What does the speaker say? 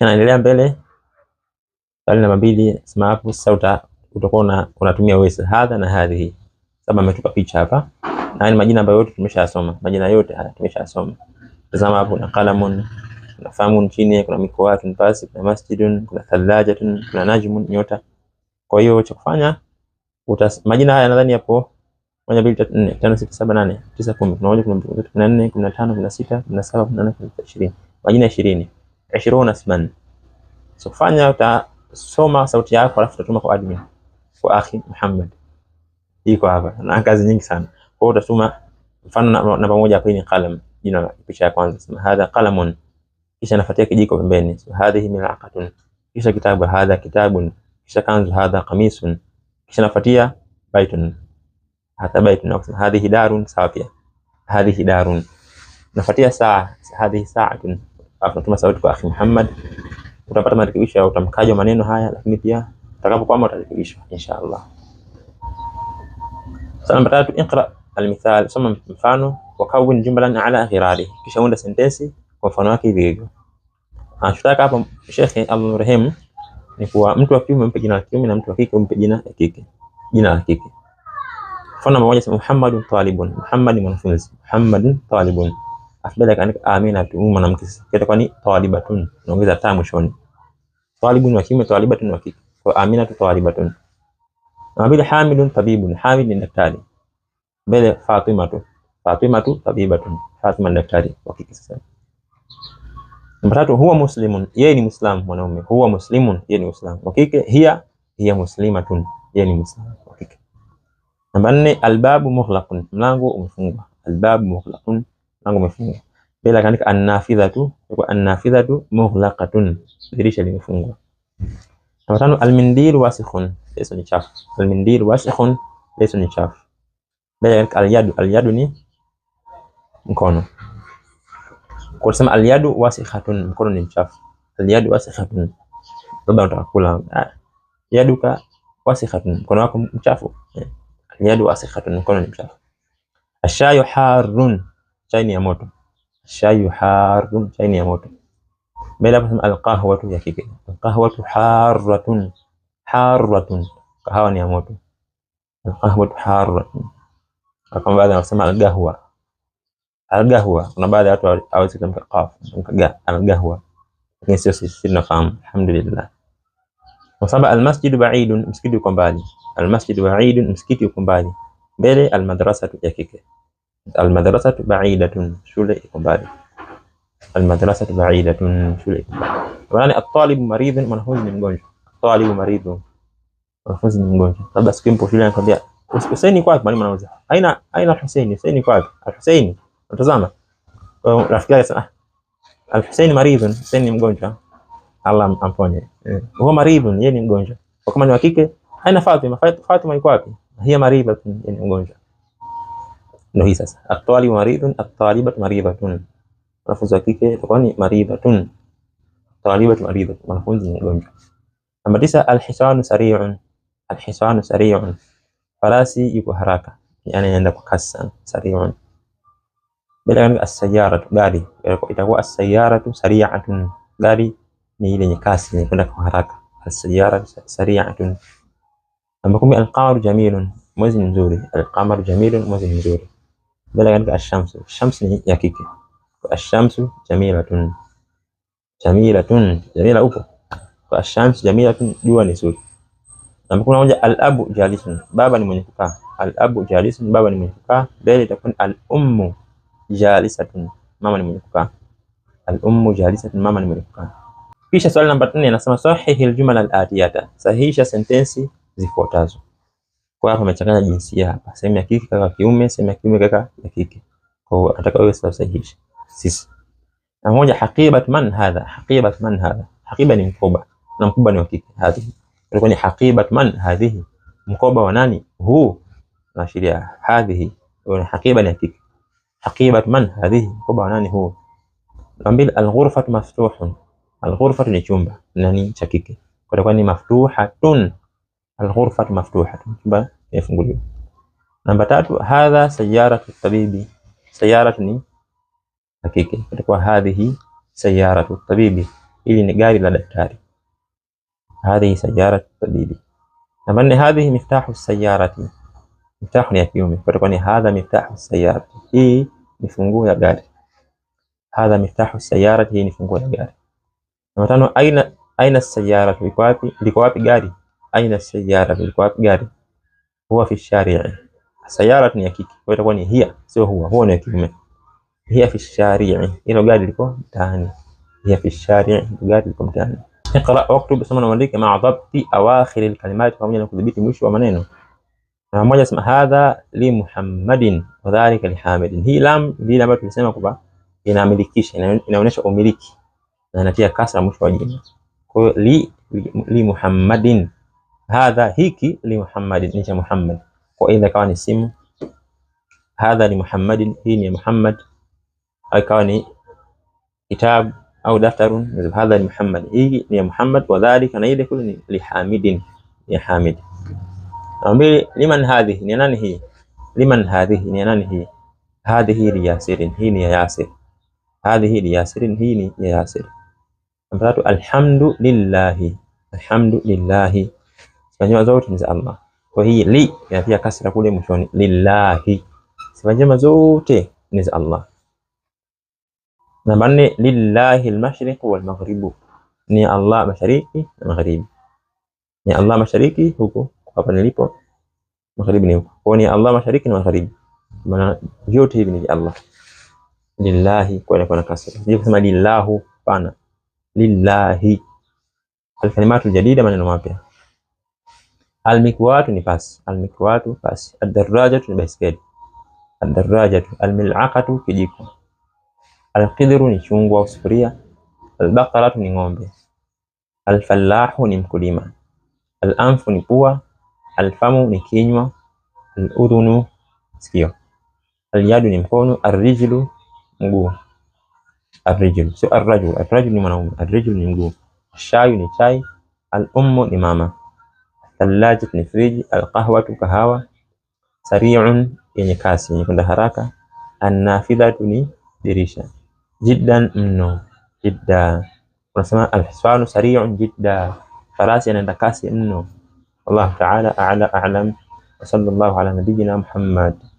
naendelea mbele bali namba mbili. Sema hapo sasa utakuwa unatumia wewe hadha na hadhihi. sababu ametupa picha hapa na ni majina ambayo yote tumeshasoma majina yote haya tumeshasoma Tazama hapo, na kalamun na famun chini, kuna mikoatun pasi, kuna masjidun, kuna thallajatun, kuna najmun, nyota. Kwa hiyo cha kufanya majina haya nadhani hapo moja, mbili, tatu, 4 tano, 6 7 nane, tisa, kumi, 11 12 moja, 14 15 16 17 18 tatu, sita, saba, majina ishirini ishirini sman. So fanya, utasoma sauti yako alafu utatuma kwa admin, kwa akhi Muhammad. Iko hapa na kazi nyingi sana. Kwa hiyo utatuma mfano namba moja hapo ni qalam, jina picha ya kwanza, sema hadha qalamun, kisha nafuatia kijiko pembeni, hadhihi milaqatun, kisha kitabu, hadha kitabun, kisha kanzu, hadha qamisun, kisha nafuatia baitun, hata baitun, na kusema hadhihi darun, sawa pia, hadhihi darun, nafuatia saa, hadhihi saatun tunatuma sauti kwa akhi Muhammad. Utapata marekebisho ya utamkaji wa maneno haya, lakini pia utakapokwama utarekebishwa inshallah. Sasa namba tatu, iqra almithal, soma mfano. Wa Wakawin jumlan ala ghirari, kisha unda sentensi kwa mfano wake hivi hivyo. Anachotaka hapa Sheikh Abdul ni kuwa mtu wa kiume mpe jina la kiume na mtu wa kike mpe jina la kike, jina la kike. Mfano mmoja, sema Muhammadun talibun, Muhammad ni mwanafunzi, Muhammadun talibun Afdal kaandika amina ah, tu mwanamke, kile kwani talibatun, naongeza ta mwishoni, talibun wa kiume, talibatun wa kike, kwa amina tu talibatun. Na bila hamidun tabibun, hamid ni daktari. Mbele Fatima tu, Fatima tu tabibatun, Fatima ni daktari wa kike. Sasa namba tatu, huwa muslimun, yeye ni muislamu mwanaume, huwa muslimun, yeye ni muislamu wa kike, hiya hiya muslimatun, yeye ni muislamu wa kike. Namba nne, albabu mughlaqun, mlango umefungwa, albabu mughlaqun mlango umefungwa. Bila kaandika an-nafidhatu, kwa an-nafidhatu mughlaqatun, dirisha limefungwa. Namba tano, al wasikhun, leso ni chafu. al wasikhun, leso ni chafu. Bila kaandika alyadu, alyadu ni mkono. Kwa kusema alyadu wasikhatun, mkono ni mchafu. Alyadu wasikhatun, labda unataka kula ah, yaduka wasikhatun, mkono wako mchafu. Eh, alyadu wasikhatun, mkono ni mchafu. Ashayu harun chai ni ya moto, shayu harun, chai ni ya moto. Mbele hapo alqahwatu ya kike, alqahwatu harratun, harratun, kahawa ni ya moto, alqahwatu harratun. Kama baadhi wanasema algahwa, algahwa. Kuna baadhi ya watu hawezi kutamka qaf, algahwa, lakini sio sisi tunafahamu. Alhamdulillah. Kwa sababu almasjidu baidun, msikiti uko mbali, almasjidu baidun, msikiti uko mbali. Mbele almadrasatu ya kike Almadrasatu baidatun, shule iko mbali. Almadrasatu baidatun, shule iko mbali. Maana atalibu maridhun, mwanafunzi ni mgonjwa. Atalibu maridhun, mwanafunzi ni mgonjwa. Labda siku mpo shule anakwambia Husaini kwa Mwalimu anauliza aina aina Husaini, Husaini kwa wapi? Husaini rafiki yake sana. Ah, Husaini maridhun, Husaini ni mgonjwa. Allah amponye. Eh, Huwa maridhun, yeye ni mgonjwa. Kwa kama ni wa kike, aina Fatima, Fatima iko wapi? Hiya maridhatun, yeye ni mgonjwa. ndo hii sasa, atalibu maridhun, atalibatu maridhatun, wanafunzi wa kike itakuwa ni maridhatun, atalibatu maridhatun, wanafunzi ni mgonjwa. Namba tisa, alhisanu sari'un, alhisanu sari'un, farasi yuko haraka, yani anaenda kwa kasi sana. Sari'un bila katika as-sayyaratu, gari itakuwa as-sayyaratu sari'atun, gari ni ile yenye kasi, inakwenda kwa haraka. As-sayyaratu sari'atun. Namba kumi, alqamaru jamilun, mwezi mzuri. Alqamaru jamilun, mwezi mzuri. bila katika ashamsu. Shamsu ni ya kike, ashamsu jamilatun, jamilatun, jamila upo kwa ashamsu jamilatun, jua ni nzuri. Na kuna moja al-abu jalisun, baba ni mwenye kukaa. Al-abu jalisun, baba ni mwenye kukaa. Bila itakuwa alummu jalisatun, mama ni mwenye kukaa. al Alummu jalisatun, mama ni mwenye kukaa. Kisha swali namba 4 anasema sahihil jumla al atiyata, sahihisha sentensi zifuatazo. Kwa hapa amechanganya jinsia hapa. Sehemu ya kike kaka kiume, sehemu ya kiume kaka ya kike. Kwa hiyo nataka wewe sasa usahihishe. Sisi. Na moja haqibat man hadha? Haqibat man hadha? Haqiba ni mkoba. Na mkoba ni wa kike. Hadhi. Ilikuwa ni haqibat man hadhihi? Mkoba wa nani? Huu. Naashiria hadhihi. Ni haqiba ni ya kike. Haqibat man hadhihi? Mkoba wa nani huu? Nambil alghurfatu maftuhun. Alghurfatu ni chumba. Nani cha kike. Kwa hiyo ni maftuhatun alghurfatu maftuhatun, chumba kimefunguliwa. Namba tatu, hadha sayaratu tabibi. Sayaratu ni hakika, itakuwa hadhihi sayaratu tabibi, ili ni gari la daktari. Hadhihi sayaratu tabibi. Namba nne, hadhihi miftahu sayarati. Miftahu ni ya kiume, itakuwa ni hadha miftahu sayarati, hii ni funguo ya gari. Hadha miftahu sayarati, hii ni funguo ya gari. Namba tano, aina aina sayaratu, liko wapi? wapi gari? aina sayara ilikuwa wapi gari? Huwa fi shari'i. Sayara ni ya kike, kwa itakuwa ni hiya, sio huwa. Huwa ni ya kiume. Hiya fi shari'i, ilo gari liko mtaani. Hiya fi shari'i, gari liko mtaani. Iqra waktub, soma na uandike. Maa dhabti awakhiri alkalimati, pamoja na kudhibiti mwisho wa maneno. Na mmoja sema hadha li Muhammadin wa dhalika li Hamidin. Hii lam ndio ambayo tulisema kwamba inaamilikisha, inaonyesha umiliki na inatia kasra mwisho wa jina. Kwa hiyo li, li Muhammadin hadha hiki li Muhammadin ni cha Muhammad, kwa idha ikawa ni simu. Hadha li Muhammadin, hii ni ya Muhammad, au ikawa ni kitabu au daftarun. Hadha li Muhammad, hii ni ya Muhammad. Wa dhalika, na ile kule ni li Hamidin, ya Hamid. Ambili liman hadhihi, ni nani hii? Liman hadhihi, ni nani hii? Hadhihi li Yasirin, hii ni ya Yasir. Hadhihi li Yasirin, hii ni ya Yasir. Alhamdu lillahi, alhamdu lillahi sifa njema zote ni za Allah. Kwa hii li inatia kasra kule mwishoni, lillahi. Sifa njema zote ni za Allah. Namba nne, lillahi almashriq maghrib, ni Allah mashariki na magharibi. Ni Allah mashariki huko hapa nilipo, magharibi ni huko. Kwa ni Allah mashariki na magharibi, maana yote hivi ni vya Allah. Lillahi kwa ile kwa kasra, ndio kusema lillahu pana lillahi. Alkalimatu jadida, maneno mapya Almikwatu ni pasi, almikwatu pasi. Adarajatu ni baiskeli, adarajatu. Almilakatu kijiko. Alqidru ni chungwa au sufuria. Albakaratu ni ng'ombe. Alfalahu ni mkulima. Alanfu ni pua. Alfamu ni kinywa. Aludhunu sikio. Alyadu ni mkono. Arrijlu mguu. Arrijlu sio arrajul, arrajul ni mwanaume, arrijlu ni mguu. Ashayu ni chai. Alummu ni mama Thalajat ni friji, alqahwatu kahawa, sariun yenye kasi, yenye kwenda haraka, annafidhatu ni dirisha, jiddan mno, jidda unasema alhiswanu sariun jidda, farasi anaenda kasi mno. Allah ta'ala a'la a'lam, wa sallallahu ala nabiyyina Muhammad.